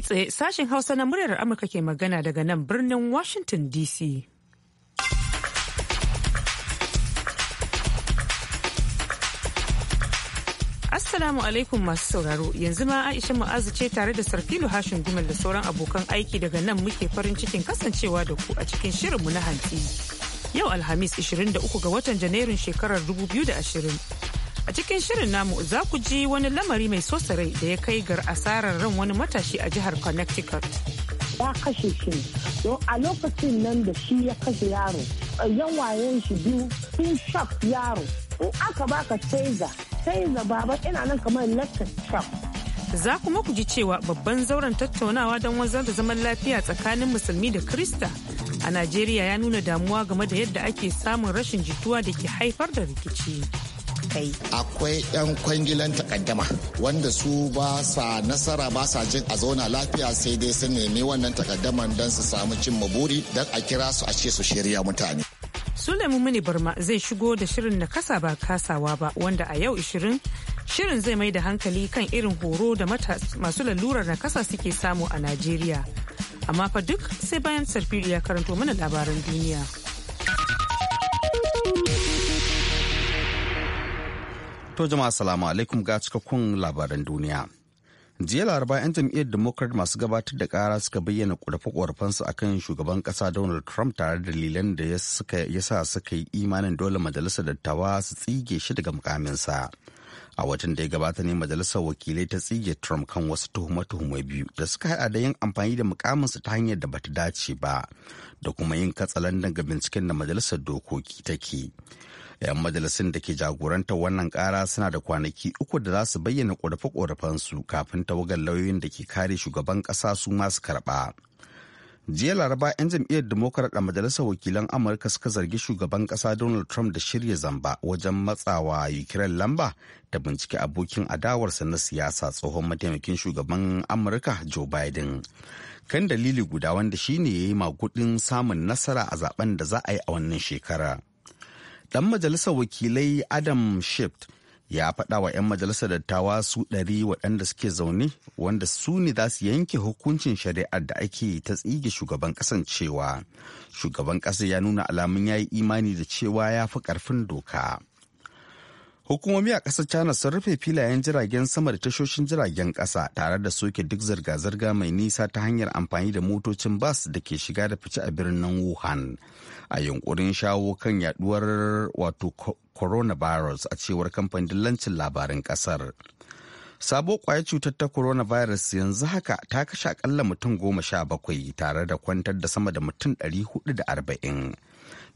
Kai tsaye sashen Hausa na muryar Amurka ke magana daga nan birnin Washington DC. Assalamu alaikum masu sauraro yanzu ma Aisha Mu'azu ce tare da Sarfilu Hashin Gumel da sauran abokan aiki daga nan muke farin cikin kasancewa da ku a cikin shirinmu na hanti Yau Alhamis 23 ga watan Janairun shekarar 2020. A cikin shirin namu za ku ji wani lamari mai sosarai da ya kai gar asarar ran wani matashi a jihar Connecticut. Ya kashe shi don a lokacin nan da shi ya kashe yaro, yan wayan shi biyu sun shaf yaro. In aka baka taiza, taiza baba ina nan kamar lecture shaf. Za kuma ku ji cewa babban zauren tattaunawa don wanzar da zaman lafiya tsakanin musulmi da Krista a Najeriya ya nuna damuwa game da yadda ake samun rashin jituwa da ke haifar da rikici. kai akwai yan kwangilan takaddama wanda su ba sa nasara ba sa jin a zauna lafiya sai dai sun nemi wannan takaddaman don su samu cin maburi don a kira su a ce su shirya mutane Sulemu Mini Barma zai shigo da shirin na kasa ba kasawa ba wanda a yau 20 shirin zai mai da hankali kan irin horo da masu lalurar na kasa suke samu a Najeriya. Amma fa duk sai bayan sarfiri ya karanto mana labaran duniya. To jama'a salamu alaikum ga cikakkun labaran duniya. Jiya laraba 'yan jam'iyyar Democrat masu gabatar da kara suka bayyana ƙorafe-ƙorafensu a kan shugaban ƙasa Donald Trump tare da dalilan da ya sa suka yi imanin dole majalisar dattawa su tsige shi daga mukaminsa. A watan da ya gabata ne majalisar wakilai ta tsige Trump kan wasu tuhume-tuhume biyu da suka haɗa da yin amfani da mukaminsa ta hanyar da bata dace ba da kuma yin katsalandan ga binciken da majalisar dokoki take. 'Yan majalisun da ke jagorantar wannan kara suna da kwanaki uku da za su bayyana ƙorafe su kafin tawagar lauyoyin da ke kare shugaban ƙasa su masu karɓa. Jiya Laraba 'yan jam'iyyar Democrat a Majalisar Wakilan Amurka suka zargi shugaban ƙasa Donald Trump da shirya zamba wajen matsawa Ukraine lamba da bincike abokin adawarsa na siyasa tsohon mataimakin shugaban Amurka Joe Biden. Kan dalili guda wanda shine ya yi magudin samun nasara a zaben da za a yi a wannan shekarar. Dan majalisar wakilai Adam Shift ya faɗa wa 'yan majalisar dattawa su ɗari waɗanda suke zaune wanda su ne za su yanke hukuncin shari'ar da ake ta tsige shugaban ƙasan cewa shugaban ƙasa ya nuna alamun ya yi imani da cewa ya fi ƙarfin doka. Hukumomi a ƙasar China sun rufe filayen jiragen sama da tashoshin jiragen ƙasa tare da soke duk zirga-zirga mai nisa ta hanyar amfani da motocin bas da ke shiga da fice a birnin Wuhan. A yunkurin shawo kan yaduwar wato coronavirus a cewar kamfanin dillancin labarin ƙasar. Sabo kwayar cutar ta coronavirus yanzu haka ta kashe akalla mutum goma sha bakwai tare da kwantar da sama da mutum ɗari hudu da arba'in.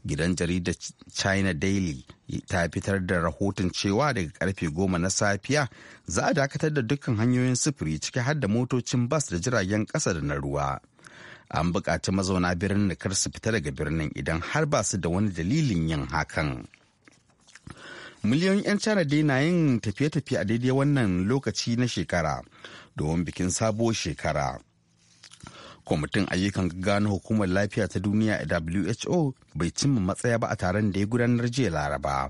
gidan jaridar china daily ta fitar da rahoton cewa daga karfe goma na safiya za a dakatar da dukkan hanyoyin sufuri ciki har da motocin bas da jiragen kasa da na ruwa an buƙaci mazauna birnin da kar su fita daga birnin idan har ba su da wani dalilin yin hakan miliyoyin 'yan china dai na yin tafiye-tafiye a daidai wannan lokaci na shekara domin bikin sabuwar shekara kwamitin ayyukan gano hukumar lafiya ta duniya who bai cimma matsaya ba a taron da ya gudanar jiya laraba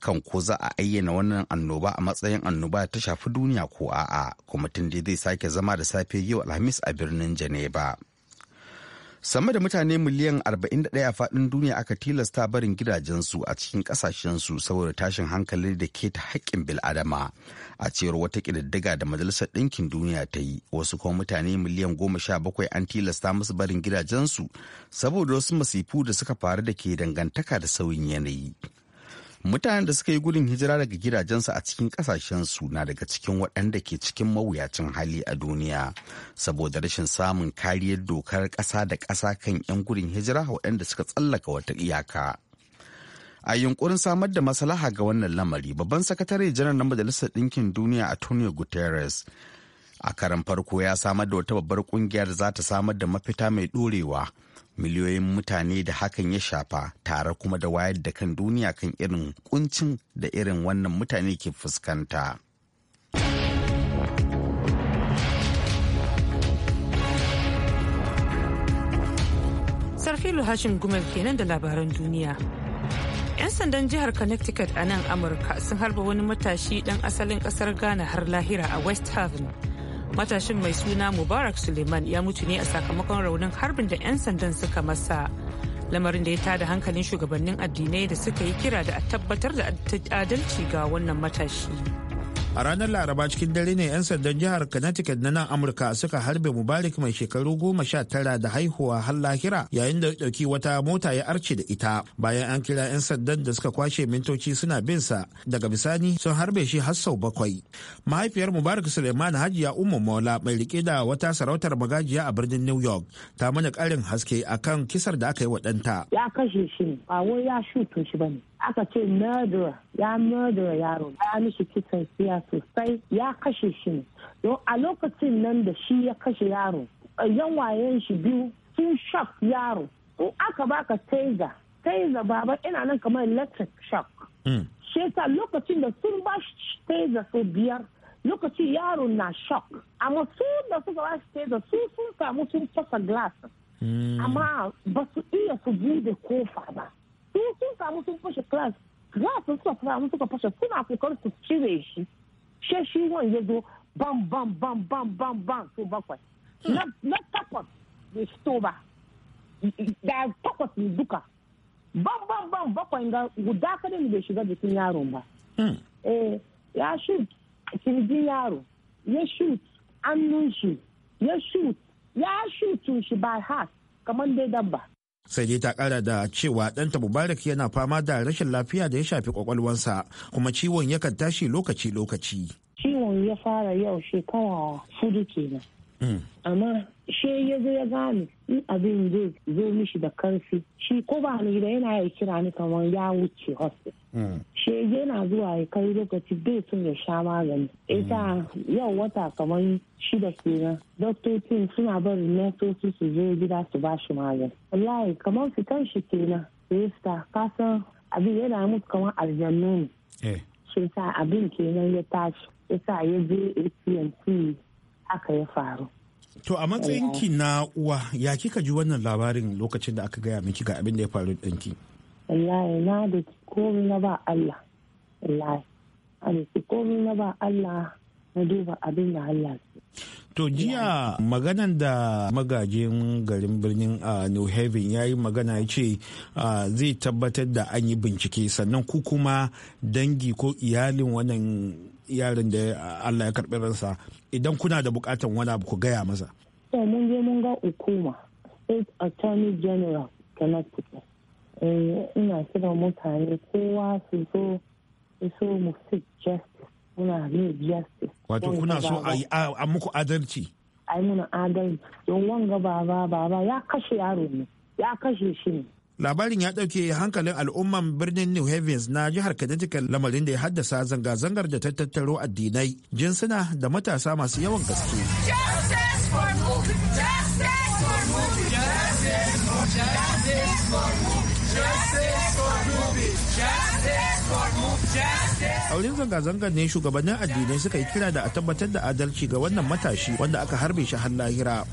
kan ko za a ayyana wannan annoba a matsayin annoba ta shafi duniya ko a'a kwamitin da zai sake zama da safe yau alhamis a birnin geneva sama da mutane miliyan 41 a faɗin duniya aka tilasta barin gidajensu a cikin ƙasashensu saboda tashin hankali da ke ta haƙƙin bil'adama a cewar wata ƙididdiga da majalisar ɗinkin duniya ta yi wasu kuma mutane miliyan 17 an tilasta musu barin gidajensu saboda wasu masifu da suka faru da ke dangantaka da sauyin yanayi. mutanen da suka yi gudun hijira daga gidajensu a cikin kasashensu na daga cikin waɗanda ke cikin mawuyacin hali a duniya saboda rashin samun kariyar dokar ƙasa da ƙasa kan 'yan gudun hijira waɗanda suka tsallaka wata iyaka a yunkurin samar da maslaha ga wannan lamari babban sakatare janar na majalisar ɗinkin duniya a antonio guterres a karan farko ya samar da wata babbar kungiyar za ta samar da mafita mai ɗorewa miliyoyin mutane da hakan ya shafa tare kuma da wayar da kan duniya kan irin kuncin da irin wannan mutane ke fuskanta. Sarfilu Hashim Gumel kenan da labaran duniya. 'Yan sandan jihar Connecticut a nan Amurka sun harba wani matashi ɗan asalin ƙasar Ghana har lahira a West Haven. matashin mai suna mubarak suleiman ya mutu ne a sakamakon raunin harbin da 'yan sandan suka masa lamarin da ya tada hankalin shugabannin addinai da suka yi kira da a tabbatar da adalci ga wannan matashi. a ranar laraba cikin dare ne 'yan sandan jihar connecticut na nan amurka suka harbe mubarak mai shekaru goma sha tara da haihuwa har lahira yayin da dauki wata mota ya arce da ita bayan an kira 'yan sandan da suka kwashe mintoci suna bin sa daga bisani sun harbe shi har sau bakwai mahaifiyar mubarak suleiman hajiya umma mola mai rike da wata sarautar magajiya a birnin new york ta mana karin haske akan kisar da aka yi wa ɗanta ya kashe shi ba wai ya shuto shi ba ne. aka ce murderer ya murderer yaro ya mishi kitan siya sosai ya kashe shi ne don a lokacin nan da shi ya kashe yaro yan shi biyu sun shock yaro in aka baka taiza taiza baba ina nan kamar electric shock hmm. shi lokacin da sun ba shi taiza sau biyar lokacin yaro na shock amma su da suka ba shi taiza su sun samu sun fasa glass hmm. amma ba su iya su bude kofa ba su sun samu sun fashe class glass sun suka fara suka fashe suna kokarin su cire shi she shi wani ya zo bam bam bam bam bam bam so bakwai na takwas bai fito ba da takwas ne duka bam bam bam bakwai ga guda kada ne bai shiga jikin yaron ba ya shoot kirjin yaro ya shoot hannun shi ya shoot ya shoot shi by heart kamar dai dabba sai dai ta kara da cewa ɗanta mubarak yana fama da rashin lafiya da ya shafi kwakwalwansa kuma ciwon yakan tashi lokaci-lokaci ciwon ya fara yau shekara hudu kenan amma she ya zo ya gane in abin zai zo mishi da karfi shi ko ba ni da yana ya kira ni kamar ya wuce hospital hmm. she yana zuwa ya kai lokaci bai sun ya sha magani ita hmm. yau wata kamar shida kenan doktocin suna bari nasosi su zo gida su ba shi magani wallahi kamar fitan shi kenan rista kasan abin yana mutu kamar aljannu ne eh. shi sa abin kenan ya tashi ya sa ya je atm aka ya faru to a matsayinki eh, na uwa ya kika ji wannan labarin lokacin da aka gaya miki ga abin da ya faru ɗanki wallahi na da komai na ba Allah wallahi da komai na ba Allah na duba abin da Allah To jiya maganan da magajin garin birnin a New Haven ya yi magana ya ce zai tabbatar da an yi bincike sannan ku kuma dangi ko iyalin wannan yaron da Allah ya karɓi ransa idan kuna da bukatan wani abu ku gaya masa. mun je mun ga hukuma state attorney general connecticut eh, ina kira mutane kowa su zo su so mu seek justice muna ne justice. Wato kuna so a yi a muku adalci. ai muna adalci don wanga baba baba ya kashe yaro ne ya kashe shi ne labarin ya ɗauke hankalin al'umman birnin new havens na jihar connecticut lamarin da ya haddasa zanga-zangar da ta tattaro addinai jinsuna da matasa masu yawan gaske A wurin zanga-zangar ne shugabannin addinai suka yi kira da a tabbatar da adalci ga wannan matashi wanda aka harbe shi har lahira.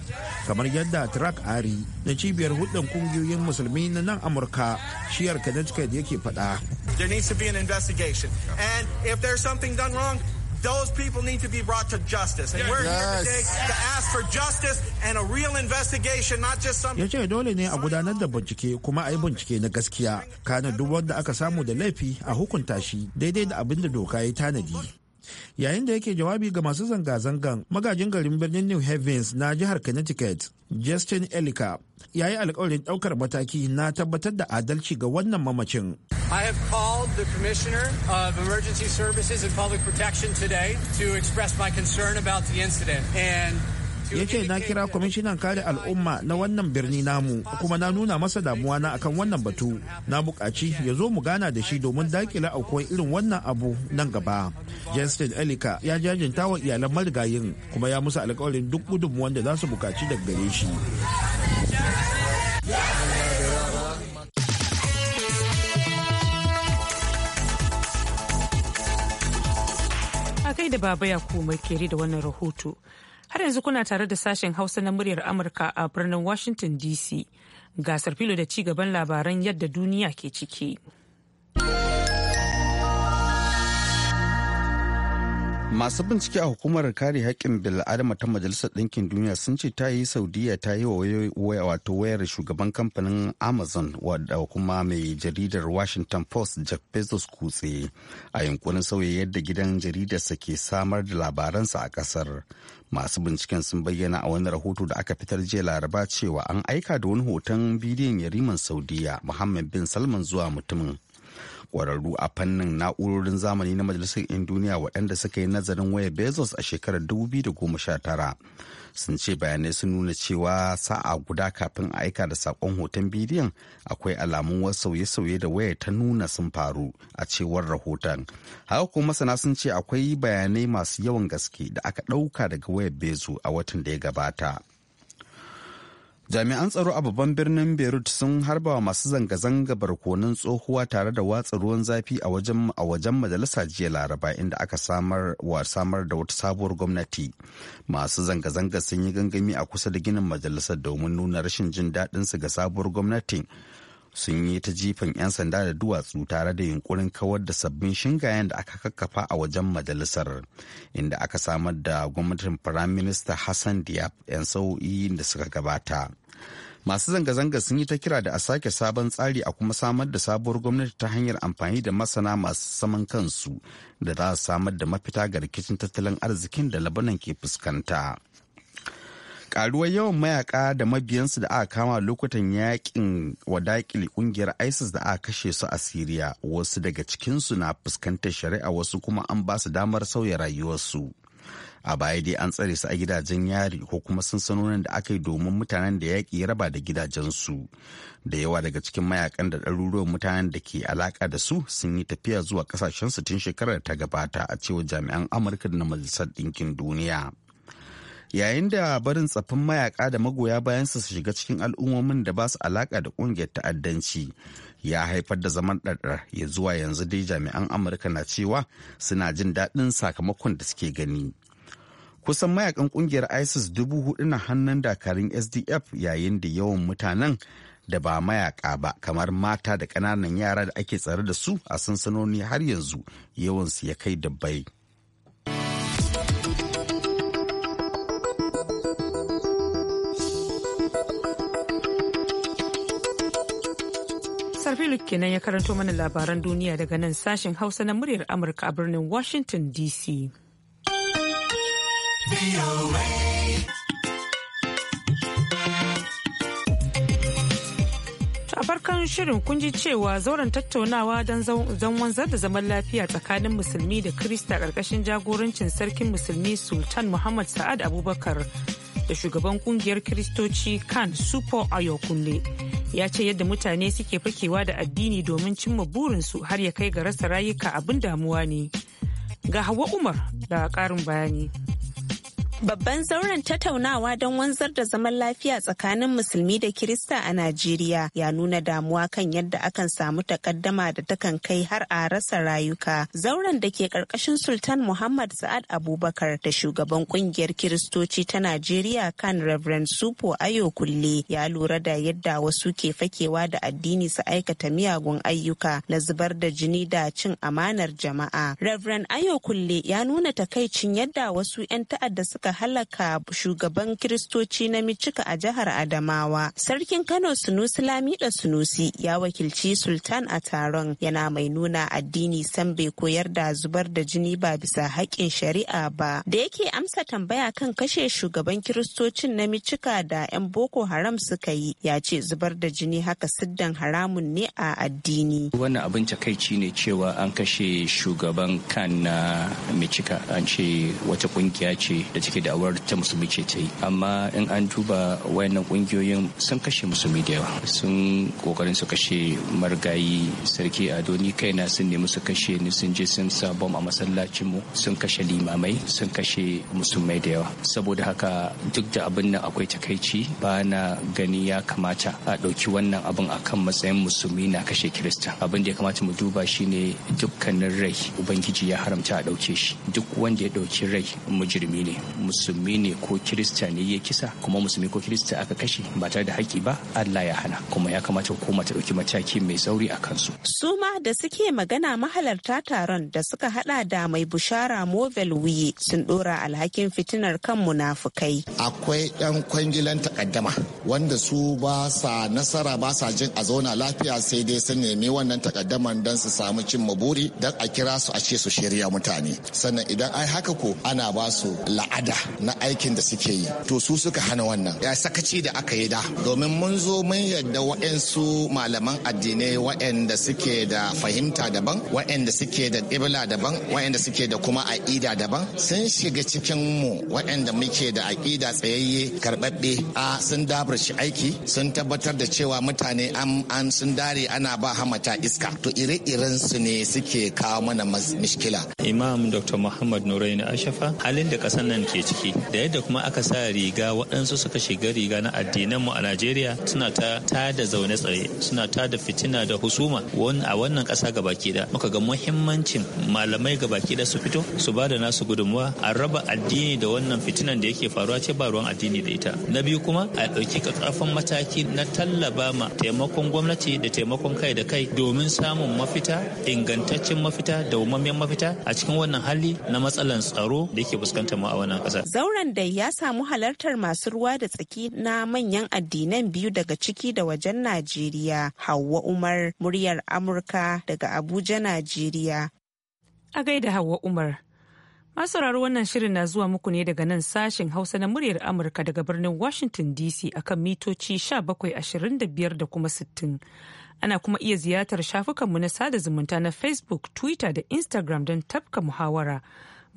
Kamar yadda Trak Ari na cibiyar hudun kungiyoyin musulmi na nan Amurka shiyar Connecticut yake faɗa. There needs if there's something Those people need to be brought to justice. And we're here today to ask for justice and a real investigation, not just some. Yace dole ne a gudanar da bincike kuma a yi bincike na gaskiya. Kana duk wanda aka samu da laifi a hukunta shi daidai da abin da doka ya tanadi. yayin da yake jawabi ga masu zanga-zangan magajin garin birnin new havens na jihar connecticut justin elika ya yi alkawarin daukar mataki na tabbatar da adalci ga wannan mamacin I have called the Commissioner of Emergency Services and Public Protection today to express my concern about the incident and ya ce na kira kwamishinan kare al'umma na wannan birni namu kuma na nuna masa damuwa na akan wannan batu na bukaci ya zo mu gana da shi domin dakile aukuwar irin wannan abu nan gaba justin elika ya jajinta wa iyalan marigayin kuma ya musu alkawarin duk gudunmuwan da za su bukaci daga gare shi kai da baba ya komai kere da wannan rahoto Har yanzu kuna tare da sashen Hausa na muryar Amurka a birnin Washington DC. Gasar filo da ci gaban labaran yadda duniya ke ciki. Masu bincike a hukumar kare haƙƙin bil'adama ta Majalisar Ɗinkin Duniya sun ce ta yi Saudiya ta yi wa wato wayar shugaban kamfanin Amazon wadda kuma mai jaridar Washington Post Jack Bezos kutse a yankunan sauya yadda gidan jaridarsa ke samar da labaransa a ƙasar. Masu binciken sun bayyana a wani rahoto da aka fitar jiya Laraba cewa an aika da wani hoton bidiyon yariman Saudiya Muhammad bin Salman zuwa mutumin. kwararru a fannin na'urorin zamani na majalisar yan duniya waɗanda suka yi nazarin waya bezos a shekarar 2019 sun ce bayanai sun nuna cewa sa'a guda kafin a aika da saƙon hoton bidiyon akwai alamun wasu sauye-sauye da waya ta nuna sun faru a cewar rahoton haka kuma masana sun ce akwai bayanai masu yawan gaske da aka ɗauka daga waya bezo a watan da ya gabata. jami'an tsaro a babban birnin beirut sun harba wa masu zanga-zanga barkonin tsohuwa tare da watsa ruwan zafi a wajen majalisa jiya laraba inda aka samar wa samar da wata sabuwar gwamnati masu zanga-zanga sun yi gangami a kusa da ginin majalisar domin nuna rashin jin daɗin su ga sabuwar gwamnati. sun yi ta jifan 'yan sanda da duwatsu tare da yunkurin kawar da sabbin shingayen da aka kakkafa a wajen majalisar inda aka samar da gwamnatin firaminista hassan diab 'yan sau'i da suka gabata masu zanga-zanga sun yi ta kira da a sake sabon tsari a kuma samar da sabuwar gwamnati ta hanyar amfani da masana masu saman kansu da za su samar da mafita ga rikicin tattalin arzikin da labanan ke fuskanta. karuwar yawan mayaka da mabiyansu da aka kama lokutan yakin wadakili kungiyar isis da aka kashe su a siriya wasu daga cikinsu na fuskantar shari'a wasu kuma an ba su damar sauya rayuwarsu a baya dai an tsare su a gidajen yari ko kuma sansanonin da aka yi domin mutanen da yaƙi ya raba da gidajensu da yawa daga cikin mayakan da ɗaruruwan mutanen da ke alaƙa da su sun yi tafiya zuwa ƙasashensu tun shekarar ta gabata a cewar jami'an amurka da na majalisar ɗinkin duniya yayin da barin tsaffin mayaka da magoya bayansa su shiga cikin al'ummomin da ba su alaka da kungiyar ta'addanci ya haifar da zaman ɗaɗɗar ya zuwa yanzu dai jami'an amurka na cewa suna jin daɗin sakamakon da suke gani kusan mayakan kungiyar isis dubu hudu na hannun dakarun sdf yayin da yawan mutanen da ba mayaka ba kamar mata da ƙananan yara da ake tsare da su a sansanoni har yanzu yawansu ya kai dabbai. philip kenan ya karanto mana labaran duniya daga nan sashen hausa na muryar amurka a birnin washington dc a farkon shirin kun ji cewa zauren tattaunawa don wanzar da zaman lafiya tsakanin musulmi da krista karkashin jagorancin sarkin musulmi sultan muhammad sa'ad abubakar da shugaban kungiyar kristoci kan supo ayokunle ya ce yadda mutane suke fakewa da addini domin cimma burinsu har ya kai ga rasa rayuka abin damuwa ne ga hawa umar da karin bayani Babban zauren tattaunawa don wanzar da zaman lafiya tsakanin musulmi da Kirista a Najeriya ya nuna damuwa kan yadda akan samu takaddama da takan kai har a rasa rayuka. Zauren da ke karkashin Sultan Muhammad Sa'ad Abubakar da shugaban kungiyar Kiristoci ta Najeriya kan Reverend Supo Ayo Kulle ya lura da yadda wasu ke fakewa da addini su aikata miyagun ayyuka na zubar da jini da cin amanar jama'a. Reverend Ayo Kulle ya nuna takaicin yadda wasu 'yan ta'adda suka suka halaka shugaban kiristoci na Micika a jihar Adamawa. Sarkin Kano Sunusi Lamida Sunusi ya wakilci Sultan a taron yana mai nuna addini san bai koyar da zubar da jini ba bisa haƙƙin shari'a ba. Da yake amsa tambaya kan kashe shugaban kiristocin na Micika da 'yan Boko Haram suka yi ya ce zubar da jini haka siddan haramun ne a addini. Wannan abin takaici ne cewa an kashe shugaban kan na Micika an ce wata kungiya ce da take da awar ta musulmi ce ta yi amma in an duba wayannan kungiyoyin sun kashe musulmi da yawa sun kokarin su kashe marigayi sarki a kai na sun nemi su kashe ni sun je sun sa bom a masallacin mu sun kashe limamai sun kashe musulmai da yawa saboda haka duk da abin nan akwai takaici ba na gani ya kamata a ɗauki wannan abin akan matsayin musulmi na kashe kirista abin da ya kamata mu duba shine dukkanin rai ubangiji ya haramta a ɗauke shi duk wanda ya ɗauki rai mujirmi ne musulmi ne ko kirista ne ya kisa kuma musulmi ko kirista aka kashe ba tare da haƙƙi ba Allah ya hana kuma ya kamata hukuma ta ɗauki mataki mai sauri a kansu. Suma da suke magana mahalarta taron da suka haɗa da mai bushara movel wuyi sun ɗora alhakin fitinar kan munafukai. akwai yan kwangilan takaddama wanda su ba sa nasara ba sa jin a zauna lafiya sai dai sun nemi wannan takaddaman don su samu cin maburi don a kira su a ce su shirya mutane sannan idan ai haka ko ana ba su la'ada na aikin da suke yi to su suka hana wannan ya sakaci da aka yi da domin mun zo mun yadda wa'ansu malaman addinai wa'anda suke da fahimta daban wa'anda suke da ibla daban wa'anda suke da kuma aƙida daban sun shiga cikin mu wa'anda muke da aƙida tsayayye karɓaɓɓe a sun dabarci aiki sun tabbatar da cewa mutane an sun dare ana ba hamata iska to ire-iren su ne suke kawo mana mishkila imam dr muhammad nuraini ashafa halin da kasan nan ke ciki da yadda kuma aka sa riga waɗansu suka shiga riga na addinan mu a Najeriya suna ta da zaune tsaye suna ta da fitina da husuma a wannan ƙasa gabaki da muka ga muhimmancin malamai gabaki da su fito su ba da nasu gudunmuwa a raba addini da wannan fitinan da yake faruwa ce ba ruwan addini da ita na biyu kuma a ɗauki ƙarfafan mataki na tallaba ma taimakon gwamnati da taimakon kai da kai domin samun mafita ingantaccen mafita da mafita a cikin wannan hali na matsalan tsaro da yake fuskantar mu a wannan ƙasa. Zauren da ya samu halartar masu ruwa da tsaki na manyan addinan biyu daga ciki da wajen Najeriya. Hauwa Umar, muryar Amurka daga Abuja, Najeriya. A gaida Hauwa Umar. Masarar wannan shirin na zuwa muku ne daga nan sashen Hausa na muryar Amurka daga birnin Washington DC akan mitoci 1725 da kuma sittin, Ana kuma iya ziyartar shafukanmu na sada zumunta na Facebook, Twitter da Instagram don tafka muhawara.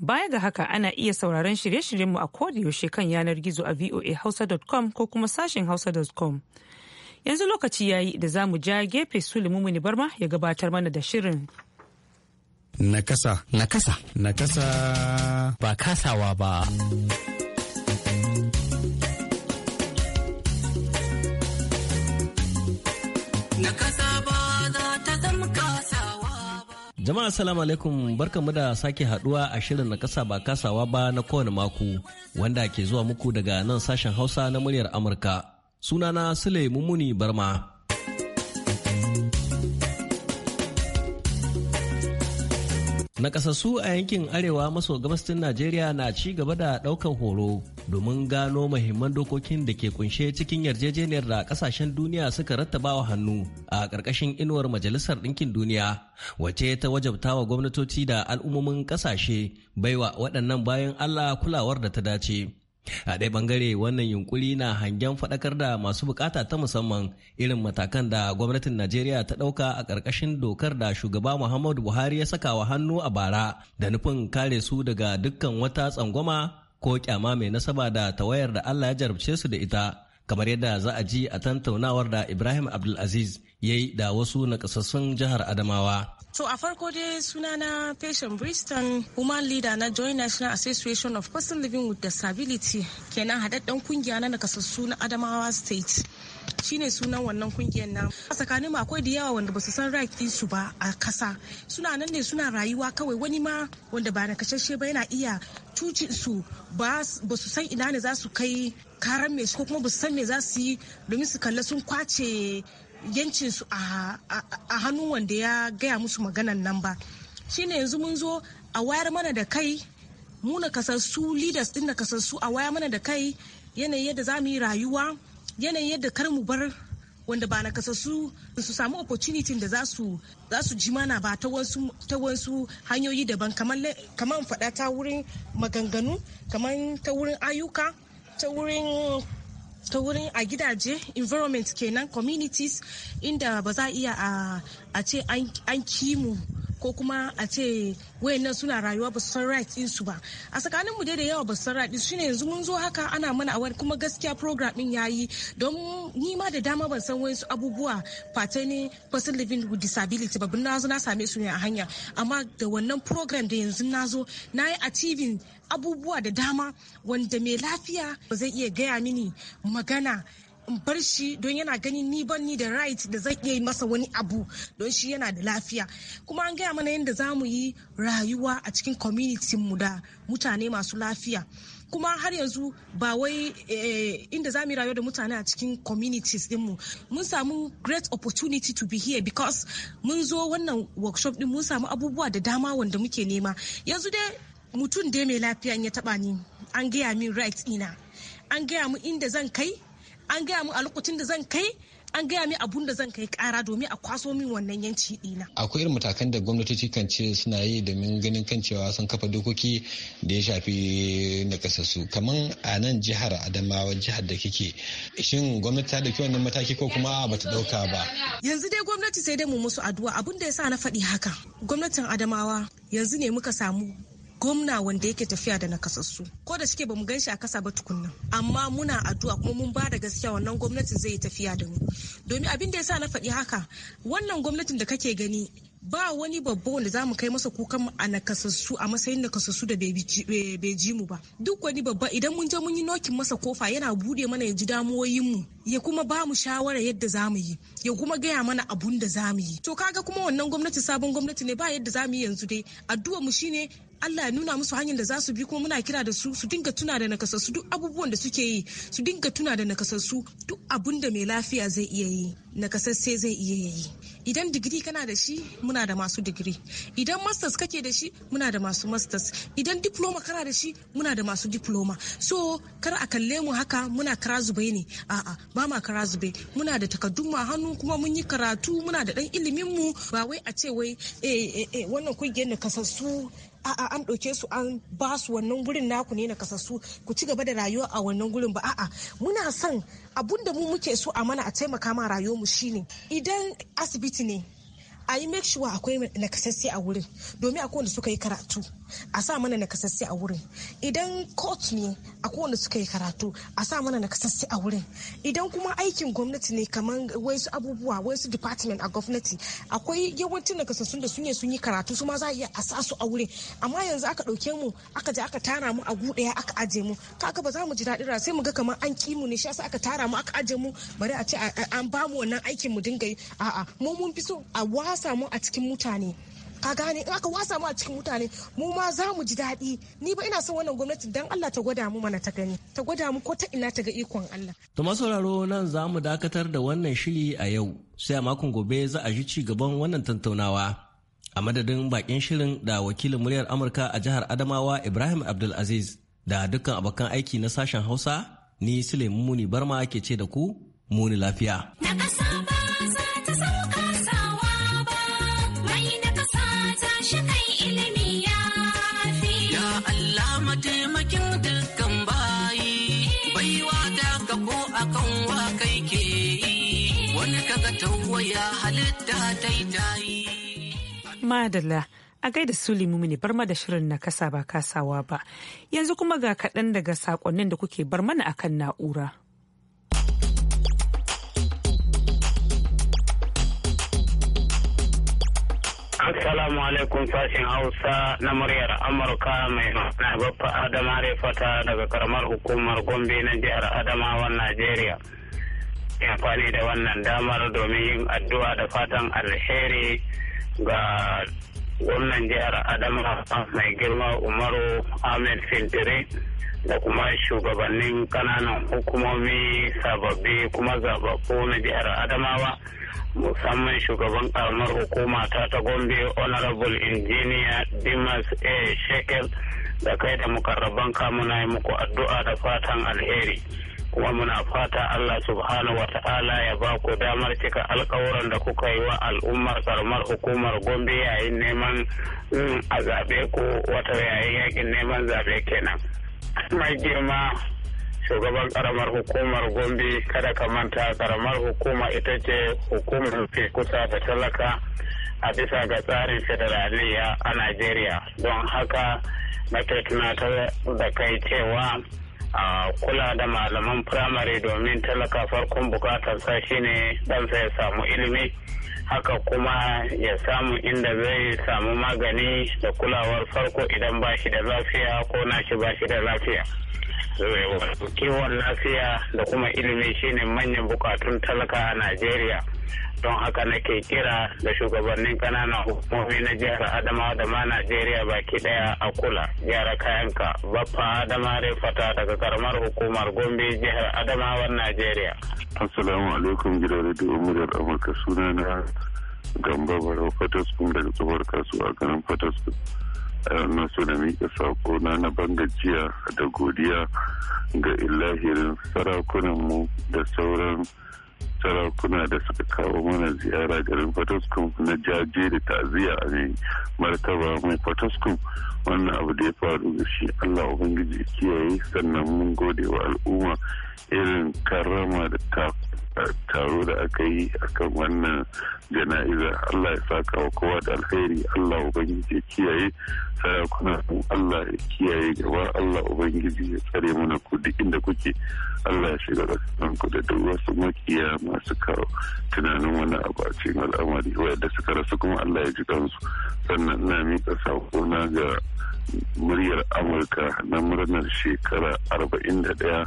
Baya ga haka ana iya sauraron shirye-shiryenmu a yaushe kan yanar gizo a voahausa.com ko kuma sashen hausa.com. Yanzu lokaci yayi da za mu ja gefe Sulemumuni Barma ya gabatar mana da shirin. Nakasa. Nakasa. Nakasa. Ba kasawa ba. Jama'a salamu alaikum barkanmu da sake haduwa a shirin na kasa ba kasawa ba na kowane mako wanda ke zuwa muku daga nan sashen Hausa na muryar Amurka. Sunana Sule Mumuni Barma. Naƙasassu a yankin Arewa maso gabashin Najeriya na ci gaba da ɗaukar horo domin gano mahimman dokokin da ke kunshe cikin yarjejeniyar da ƙasashen duniya suka rattaba wa hannu a ƙarƙashin inuwar Majalisar Ɗinkin Duniya, wace ta wajabta wa gwamnatoci da al'ummomin ƙasashe baiwa waɗannan bayan Allah kulawar da ta dace. a ɗaya bangare wannan yunkuri na hangen faɗakar da masu bukata ta musamman irin matakan da gwamnatin najeriya ta ɗauka a ƙarƙashin dokar da shugaba muhammadu buhari ya saka wa hannu a bara da nufin kare su daga dukkan wata tsangwama ko kyama mai nasaba da tawayar da allah ya jarabce su da ita kamar yadda za a ji a tantaunawar da ibrahim abdulaziz ya yi da wasu nakasassun jihar Adamawa. To a farko dai na Patient Briston, human leader na Joint National Association of Person Living with Disability, kenan haɗaɗɗen kungiya na nakasassu na Adamawa State. shine sunan wannan kungiyar nan a tsakanin akwai da yawa wanda basu san raƙi su ba a kasa suna nan ne suna rayuwa kawai wani ma wanda ba na kashashe ba yana iya cucin su ba su san ina ne za su kai karan mai ko kuma ba su san me za su yi domin su kalla sun kwace yancinsu a hannun wanda ya gaya musu maganan nan ba shine yanzu mun zo a wayar mana da kai mu na kasassu leaders din na kasassu a wayar mana da kai yanayin yadda za mu yi rayuwa yanayin yadda kar mu bar wanda ba na kasassu su samu opportunity da za su ji mana ba ta wasu hanyoyi daban kamar faɗa ta wurin maganganu kamar ta wurin ayyuka ta wurin ta wurin a gidaje environment kenan communities inda ba za a iya a ce an kimu ko kuma a ce wayannan suna rayuwa ba san right din su ba a tsakanin mu dai da yawa ba su san right din su ne yanzu mun zo haka ana mana awar kuma gaskiya program din yayi don ni ma da dama ban san wayansu abubuwa patani person living with disability ba na zo na same su ne a hanya amma da wannan program da yanzu na zo na yi achieving abubuwa da dama wanda mai lafiya ba zai iya gaya mini magana in bar shi don yana ganin ni ban ni da right da zan iya yi masa wani abu don shi yana da lafiya kuma an gaya mana yadda za mu yi rayuwa a cikin community mu da mutane masu lafiya kuma har yanzu ba wai eh, inda za mu rayuwa da mutane a cikin communities mu mun samu great opportunity to be here because mun zo wannan workshop din mun samu abubuwa da dama wanda muke nema yanzu dai mutum dai mai lafiya in ya taba ni an gaya min right ina an gaya mu inda zan kai an gaya min a lokacin da zan kai an gaya min abun da zan kai kara domin a kwaso min wannan yanci dina. Akwai irin matakan da gwamnatoci kan ce suna yi domin ganin kan cewa sun kafa dokoki da ya shafi nakasassu kamar a nan jihar Adamawa jihar da kike. Shin gwamnati ta dauki wannan mataki ko kuma ba ta dauka ba? Yanzu dai gwamnati sai dai mu musu addu'a abun da ya sa na faɗi haka. Gwamnatin Adamawa yanzu ne muka samu gwamna wanda yake tafiya da nakasassu ko da suke bamu ganshi a kasa ba tukunna amma muna addu'a kuma mun ba da gaskiya wannan gwamnatin zai tafiya da mu domin abin da yasa na faɗi haka wannan gwamnatin da kake gani ba wani babba wanda za mu kai masa kukan a nakasassu a matsayin nakasassu da bai ji mu ba duk wani babba idan mun je mun yi nokin masa kofa yana bude mana ya ji damuwoyin mu ya kuma ba mu shawara yadda za mu yi ya kuma gaya mana abun da za mu yi to kaga kuma wannan gwamnati sabon gwamnati ne ba yadda za mu yi yanzu dai addu'a mu shine Allah ya nuna musu hanyar da za su bi kuma muna kira da su su dinga tuna da nakasassu duk abubuwan da suke yi su dinga tuna da nakasassu duk abun da mai lafiya zai iya yi nakasasse zai iya yi idan digiri kana da shi muna da masu digiri idan masters kake da shi muna da masu masters idan diploma kana da shi muna da masu diploma so kar a kalle mu haka muna kara zube ne a'a ba ma kara zube muna da takaddun ma hannu kuma mun yi karatu muna da dan ilimin mu ba wai a ce wai eh eh, eh wannan kungiyar nakasassu a'a an ɗauke su an ba su wannan gurin naku ne na kasassu ku ci gaba da rayuwa a wannan gurin ba a'a muna son abun da mu muke so a mana a taimaka ma rayuwar mu shine idan asibiti ne a yi make sure akwai nakasassi a wurin domin akwai wanda suka yi karatu a sa mana nakasassi a wurin idan court ne a kowanne suka yi karatu a sa mana nakasassi a wurin idan kuma aikin gwamnati ne kamar wasu abubuwa wasu department a gwamnati akwai yawancin nakasassun da sun sun yi karatu su ma za a iya a sa su a wurin amma yanzu aka ɗauke mu aka je aka tara mu a gudaya aka aje mu kaga ba za mu ji daɗi ra sai mu ga kamar an ki mu ne shi yasa aka tara mu aka aje mu bari a ce an ba mu wannan aikin mu dinga yi a'a mu mun fi so a wasa mu a cikin mutane ka gane in aka wasa mu a cikin mutane mu ma za mu ji daɗi ni ba ina son wannan gwamnati dan Allah ta gwada mu mana ta gani ta gwada mu ko ta ina ta ga ikon Allah to sauraro nan za mu dakatar da wannan shiri a yau sai a makon gobe za a ji ci gaban wannan tantaunawa a madadin bakin shirin da wakilin muryar Amurka a jihar Adamawa Ibrahim Abdulaziz da dukkan abokan aiki na sashen Hausa ni Suleiman Muni Barma ke ce da ku muni lafiya. Na ƙasa ba za ta sauka. Madala a gaida Suli Mumini bar da shirin na kasa ba kasawa ba. Yanzu kuma ga kaɗan daga saƙonnin da kuke bar mana akan na'ura. Assalamu alaikum sashen Hausa na muryar Amurka mai na Baffa Adama Refata daga karamar hukumar Gombe na jihar Adamawan Najeriya. amfani da wannan damar domin yin addu'a da fatan alheri ga gwamnan jihar adama mai girma umaru ahmed fintiri da kuma shugabannin kananan hukumomi sababbi kuma zababbu na jihar adamawa musamman shugaban karamar hukuma ta ta gombe honorable engineer dimas a shekel da kai da mukarraban kamuna yi muku addu'a da fatan alheri kuma muna fata Allah subhanahu wa ta'ala ya ba ku damar cika alkawuran da kuka yi wa al'ummar karamar hukumar Gombe yayin neman mm, a zaɓe ku wata yayin yakin neman zaɓe kenan. Mai girma shugaban karamar hukumar Gombe kada ka manta karamar hukuma ita ce hukumar fi kusa da talaka a bisa ga tsarin federaliya a Najeriya don haka na ta da kai cewa a kula da malaman firamare domin talaka farkon bukatarsa shine ɗansa ya samu ilimi haka kuma ya samu inda zai samu magani da kulawar farko idan ba shi da lafiya ko na shi ba shi da lafiya kiwon lafiya da kuma ilimi shine manyan bukatun talaka a najeriya don haka nake kira da shugabannin kananan hukumomi na jihar adamawa da ma najeriya baki daya a kula gyara kayanka baffa adama fata daga karamar hukumar gombe jihar adamawa najeriya assalamu alaikum gidan radio muryar amurka suna na gamba barau kun daga tsohuwar kasuwa garin yau eh, na so da miƙa sako na na bangajiya da godiya ga sarakunan mu da sauran sarakuna da suka kawo mana ziyara garin Potoskum na jaje da ta'aziyya a mai martaba mai Potoskum wannan abu da ya faru da shi Allah Ubangiji kiyaye sannan mun gode wa al'umma irin karama da ta taro da aka yi akan wannan jana'iza Allah ya saka wa kowa da alheri Allah ubangiji ya kiyaye sarakuna Allah ya kiyaye gaba Allah ubangiji ya tsare mana ku duk inda kuke Allah ya shiga kasan ku da duk wasu makiya masu kawo tunanin wani abu a cikin al'amari wanda suka rasu kuma Allah ya ji kansu sannan na miƙa sakona ga muryar amurka na murnar shekara 41 da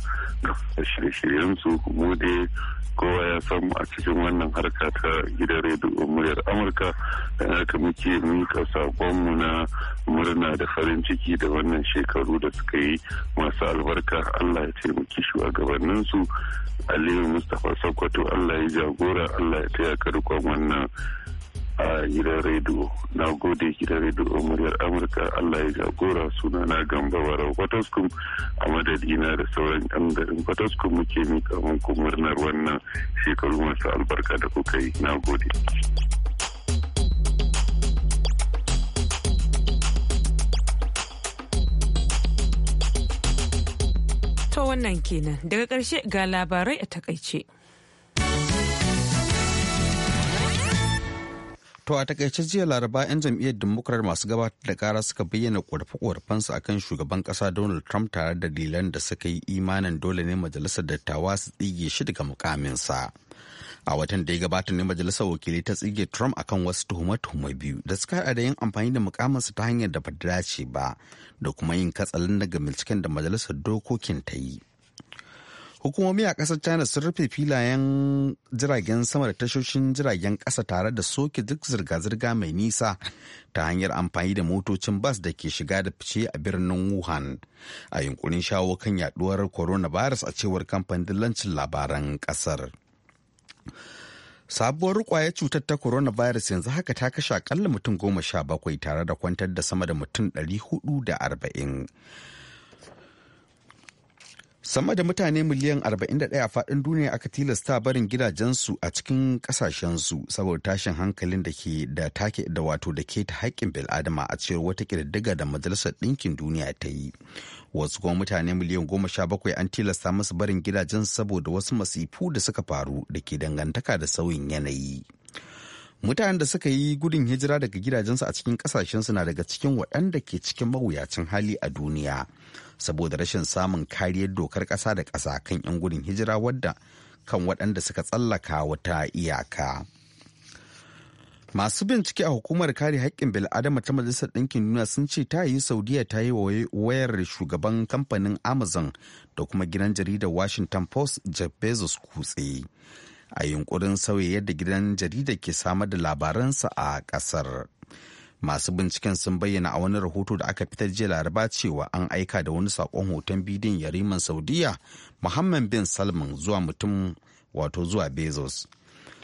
shirye-shiryensu mu dai kowa ya san a cikin wannan harka ta gidan rediyo muryar amurka da haka muke mika sakonmu na murna da farin ciki da wannan shekaru da suka yi masu albarka allah ya taimaki su aliyu mustapha sokoto allah ya jagora allah ya taya karkon wannan a gidan rediyo na gode gidan rediyo muryar amurka allah ya jagora suna na gamba warau fataskum a madadina da sauran yan garin fataskum muke mika muku murnar wannan shekaru masu albarka da kuka yi na gode To wannan kenan daga ƙarshe ga labarai a takaice. To a takaice jiya laraba 'yan jam'iyyar Democrat masu gabatar da kara suka bayyana korafe-korafensu a kan shugaban kasa Donald Trump tare da dalilan da suka yi imanin dole ne majalisar dattawa su tsige shi daga mukaminsa. A watan da ya gabata ne majalisar wakilai ta tsige Trump akan wasu tuhume-tuhume biyu da suka haɗa da yin amfani da mukaminsa ta hanyar da ba dace ba da kuma yin katsalin daga binciken da majalisar dokokin ta yi. hukumomi a kasar china sun rufe filayen jiragen sama da tashoshin jiragen kasa tare da soke duk zirga-zirga mai nisa ta hanyar amfani da motocin bas da ke shiga da fice a birnin wuhan a yunkurin shawo kan yaduwar coronavirus a cewar kamfanin dillancin labaran kasar sabuwar kwayar cutar ta coronavirus yanzu haka ta kashe akalla mutum goma sha bakwai tare da kwantar da sama da mutum ɗari hudu da arba'in sama da mutane miliyan 41 a faɗin duniya aka tilasta barin gidajensu a cikin ƙasashensu saboda tashin hankalin da ke da take da wato da ke ta haƙƙin bil'adama a cewar wata ƙididdiga da majalisar ɗinkin duniya ta yi wasu kuma mutane miliyan goma sha bakwai an tilasta masu barin gidajen saboda wasu masifu da suka faru da ke dangantaka da sauyin yanayi mutanen da suka yi gudun hijira daga gidajensu a cikin ƙasashensu na daga cikin waɗanda ke cikin mawuyacin hali a duniya saboda rashin samun kariyar dokar ƙasa da ƙasa kan 'yan gudun hijira wadda kan waɗanda suka tsallaka wata iyaka. Masu bincike a hukumar kare haƙƙin bil'adama ta Majalisar Ɗinkin Duniya sun ce ta yi Saudiya ta yi wayar shugaban kamfanin Amazon da kuma gidan jaridar Washington Post Jeff Bezos kutse. A yunkurin sauya yadda gidan jaridar ke samar da labaransa a ƙasar. masu binciken sun bayyana a wani rahoto da aka fitar jiya laraba cewa an aika da wani sakon hoton bidiyon yariman saudiya muhammad bin salman zuwa mutum wato zuwa bezos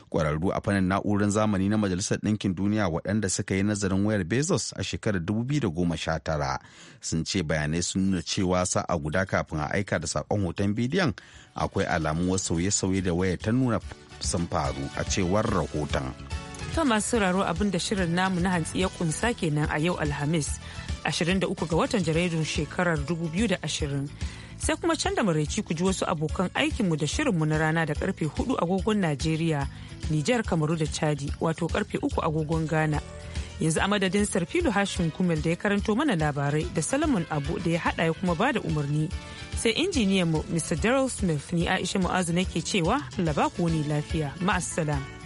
kwararru a fannin na'urar zamani na majalisar ɗinkin duniya waɗanda suka yi nazarin wayar bezos a shekarar da goma sha tara sun ce bayanai sun nuna cewa sa'a guda kafin a aika da sakon hoton bidiyon akwai alamu wasu sauye-sauye da wayar ta nuna sun faru a cewar rahoton. Ta masu sauraro abin da shirin namu na hantsi ya kunsa kenan a yau Alhamis 23 ga watan Janairun shekarar 2020. Sai kuma can da maraici ku ji wasu abokan aikinmu da mu na rana da karfe 4 agogon Najeriya, Nijar, Kamaru da Chadi wato karfe 3 agogon Ghana. Yanzu a madadin Sarfilu Hashim Kumel da ya karanto mana labarai da salomon Abu da ya hada ya kuma bada umarni. Sai injiniyan mu Mr. Daryl Smith ni Aisha Mu'azu nake cewa ku ne lafiya. Ma'assalam.